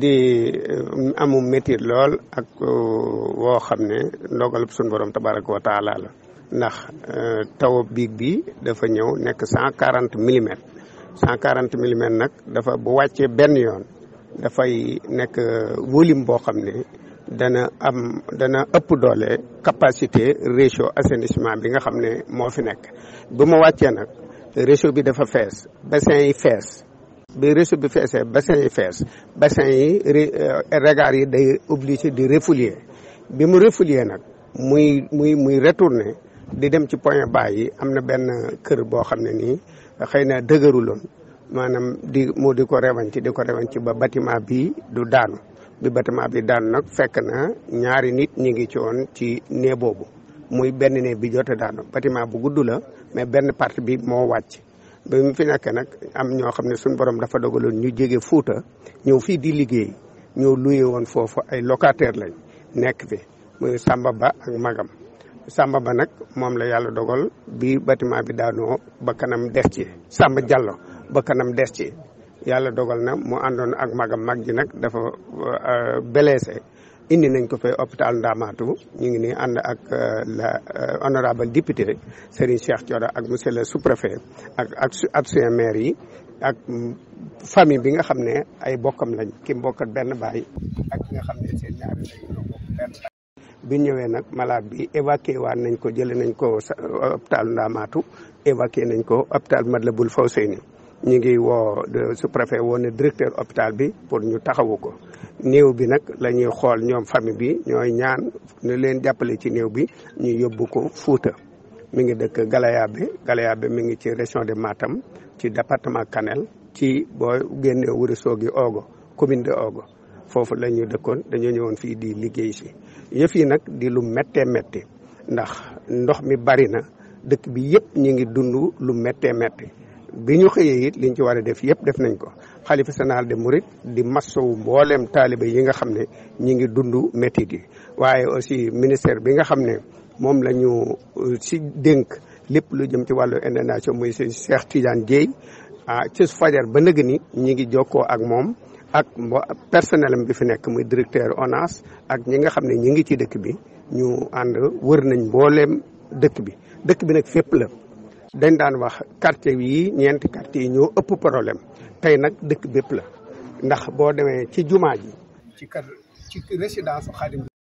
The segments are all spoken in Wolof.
di eh, amu métit lool ak eh, woo xam ne ndogalub suñu borom tabaraka wa taala la ndax eh, taw biig bi dafa ñëw nekk cent quarante millimètres cent quarante millimètres nag dafa bu wàccee benn yoon dafay nekk volume boo xam ne dana am dana ëpp doole capacité réseau assainissement bi nga xam ne moo fi nekk bu ma wàccee nag réseau bi dafa fees bassin yi fees bi réseau bi feesee bassin yi fees bassin yi euh, regard yi day obligé di refouler bi mu refouler nag muy muy muy retourner di dem ci point bas yi am na benn kër boo xam ne nii xëy na dëgëruloon maanaam di mu di ko rewanci di ko rewanci ba bâtiment bi du daanu bi bâtiment bi daanu nag fekk na ñaari nit ñi ngi ci woon ci nee boobu muy benn nee bi jot a daanu bâtiment bu gudd la mais benn partie bi moo wàcc ba mu fi nekk nag am ñoo xam ne suñ borom dafa dogaloon ñu jege Fuuta ñëw fii di liggéey ñëw luye woon foofu ay locataire lañ nekk bi muy sàmba Ba ak Magam Samba Ba nag moom la yàlla dogal bi bâtiment bi daanoo ba kanam des ci Samba Diallo ba kanam des ci yàlla dogal na mu àndoon ak Magam mag ji nag dafa euh, blessé indi nañ ko fee hôpital Ndamaatu ñu ngi nii ànd ak euh, la euh, honorable député Serigne Cheikh Thioro ak monsieur le sous-préfet ak ak adjoint maire yi ak famille bi nga xam ne ay bokkam lañ ki mbokkat benn baay ak ñëwee nag malaat bi évacué waat nañ ko jëlee nañ ko hôpital Ndamaatu évacué nañ ko hôpital Matlaboul Fawzeyni ñu ngi woo sous-préfet woo ne directeur hôpital bi pour ñu taxawu ko néew bi nag la ñuy xool ñoom famille bi ñooy ñaan ñu leen jàppale ci néew bi ñu yóbbu ko Fuuta mu ngi dëkk Galayaabe Galayaabe mi ngi ci région de Matam ci département Kanel ci boo génnee Ourossogui Ogo commune de Ogo foofu la ñu dëkkoon dañoo ñëwoon fii di liggéey si yëf yi nag di lu méttee métti ndax ndox mi bari na dëkk bi yëpp ñu ngi dund lu méttee métti bi ñu xëyee it liñ ci war def yëpp def nañ ko xalifa général des mourides di massow mbooleem taaliba yi nga xam ne ñi ngi dund métit yi waaye aussi ministère bi nga xam ne moom la ñu euh, si dénk lépp lu jëm ci wàllu inondation muy sëñ Cheikh Tidiane Dieye ah ci fajar ba nëgg ni ñi ngi jokkoo ak moom ak personnel am bi fi nekk muy directeur ONAS ak ñi nga xam ne ñi ngi ci dëkk bi ñu ànd wër nañ mbooleem dëkk bi dëkk bi nag fépp la dañ daan wax quartier yi ñeenti quartier yi ñoo ëpp problème tey nag dëkk bépp la ndax boo demee ci jumaa ji ci kër ci résidence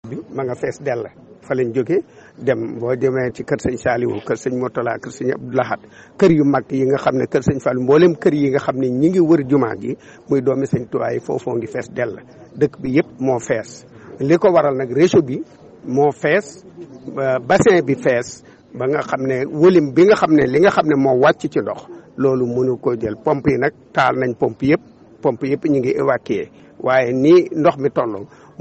bi ma nga fees dell fa lañ jóge dem boo demee ci kër sëñ Saaliwu kër sëñ Motala kër sëñ Abdou kër yu mag yi nga xam ne kër sëñ Fallu mboolem kër yi nga xam ne ñi ngi wër jumaa ji muy doomi sëñ Tuubaa yi foofoo ngi fees dell dëkk bi yëpp moo fees li ko waral nag réseau bi moo fees bassin bi fees ba nga xam ne wëlim bi nga xam ne li nga xam ne moo wàcc ci ndox loolu mënu ko jël pompe yi nag taal nañ pompe yëpp pompe yëpp ñu ngi évacuer waaye nii ndox mi toll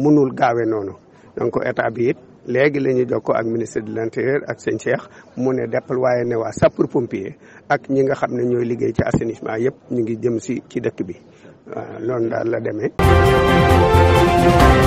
mënul gaawe noonu donc état bi it léegi la ñu jokkoo ak ministre de l'intérieur ak sëñ Cheikh mu ne waaye ne waa sapeur pompier ak ñi nga xam ne ñooy liggéey ci assainissement yëpp ñu ngi jëm si ci dëkk bi waaw loolu daal la demee